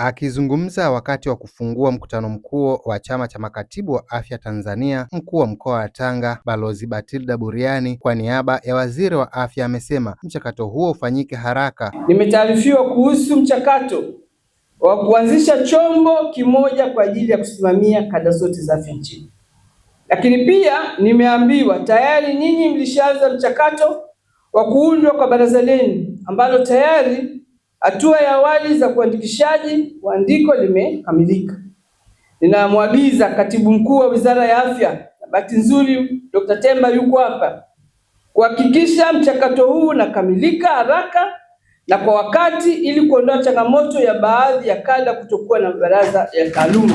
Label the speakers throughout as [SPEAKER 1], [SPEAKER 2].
[SPEAKER 1] Akizungumza wakati wa kufungua mkutano mkuu wa Chama cha Makatibu wa Afya Tanzania, mkuu wa mkoa wa Tanga Balozi Batilda Buriani kwa niaba ya Waziri wa Afya amesema mchakato huo ufanyike haraka.
[SPEAKER 2] Nimetaarifiwa kuhusu mchakato wa kuanzisha chombo kimoja kwa ajili ya kusimamia kada zote za afya nchini, lakini pia nimeambiwa tayari nyinyi mlishaanza mchakato wa kuundwa kwa baraza lenu ambalo tayari Hatua ya awali za uandikishaji wa andiko limekamilika. Ninamwagiza katibu mkuu wa Wizara ya Afya, na bahati nzuri Dr. Temba yuko hapa, kuhakikisha mchakato huu unakamilika haraka na kwa wakati ili kuondoa changamoto ya baadhi ya kada kutokuwa na baraza ya taaluma.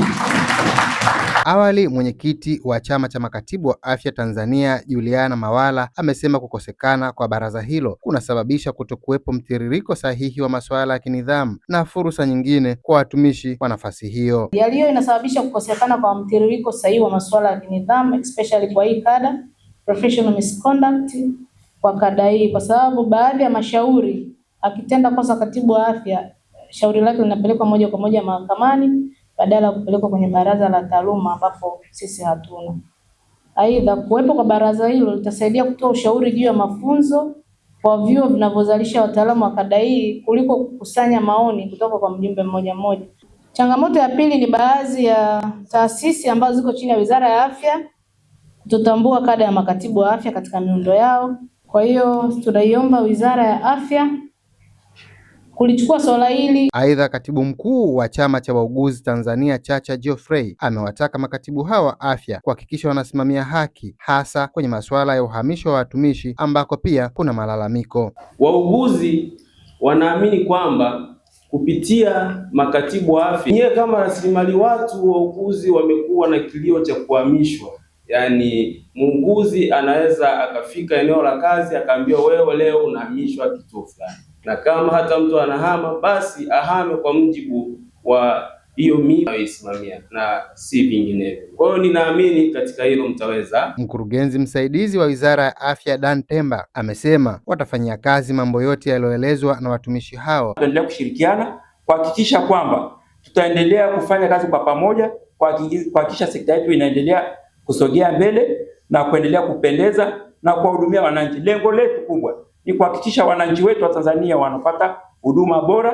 [SPEAKER 1] Awali, mwenyekiti wa Chama cha Makatibu wa Afya Tanzania, Juliana Mawala, amesema kukosekana kwa baraza hilo kunasababisha kutokuwepo mtiririko sahihi wa masuala ya kinidhamu na fursa nyingine kwa watumishi wa nafasi hiyo.
[SPEAKER 3] Yaliyo inasababisha kukosekana kwa mtiririko sahihi wa masuala ya kinidhamu especially kwa hii kada professional misconduct kwa kada hii, kwa sababu baadhi ya mashauri akitenda kosa katibu wa afya shauri lake linapelekwa moja kwa moja mahakamani badala ya kupelekwa kwenye baraza la taaluma ambapo sisi hatuna. Aidha, kuwepo kwa baraza hilo litasaidia kutoa ushauri juu ya mafunzo kwa vyuo vinavyozalisha wataalamu wa kada hii kuliko kukusanya maoni kutoka kwa mjumbe mmoja mmoja. Changamoto ya pili ni baadhi ya taasisi ambazo ziko chini ya Wizara ya Afya kutotambua kada ya makatibu wa afya katika miundo yao. Kwa hiyo tunaiomba Wizara ya Afya kulichukua swala hili.
[SPEAKER 1] Aidha, katibu mkuu wa chama cha wauguzi Tanzania Chacha Geoffrey amewataka makatibu hawa wa afya kuhakikisha wanasimamia haki hasa kwenye masuala ya uhamisho wa watumishi ambako pia kuna malalamiko.
[SPEAKER 4] Wauguzi wanaamini kwamba kupitia makatibu wa afya nyewe kama rasilimali watu, wauguzi wamekuwa na kilio cha kuhamishwa. Yaani, muuguzi anaweza akafika eneo la kazi akaambiwa, wewe leo unahamishwa kituo fulani na kama hata mtu anahama, basi ahame kwa mjibu wa hiyo mimi naisimamia na si vinginevyo. Kwa hiyo ninaamini katika hilo mtaweza.
[SPEAKER 1] Mkurugenzi msaidizi wa Wizara ya Afya Dan Temba amesema watafanyia kazi mambo yote yaliyoelezwa na watumishi hao.
[SPEAKER 5] Tutaendelea kushirikiana kuhakikisha kwamba tutaendelea kufanya kazi kwa pamoja kuhakikisha sekta yetu inaendelea kusogea mbele na kuendelea kupendeza na kuwahudumia wananchi. Lengo letu kubwa ni kuhakikisha wananchi wetu wa Tanzania wanapata huduma bora,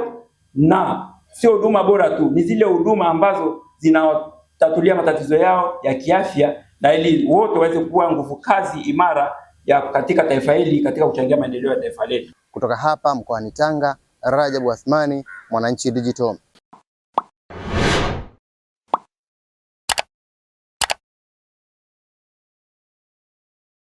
[SPEAKER 5] na sio huduma bora tu, ni zile huduma ambazo zinatatulia matatizo yao ya kiafya, na ili wote waweze kuwa nguvu kazi imara ya katika taifa hili katika kuchangia maendeleo ya taifa letu.
[SPEAKER 1] Kutoka hapa mkoani Tanga, Rajabu Athmani, Mwananchi Digital.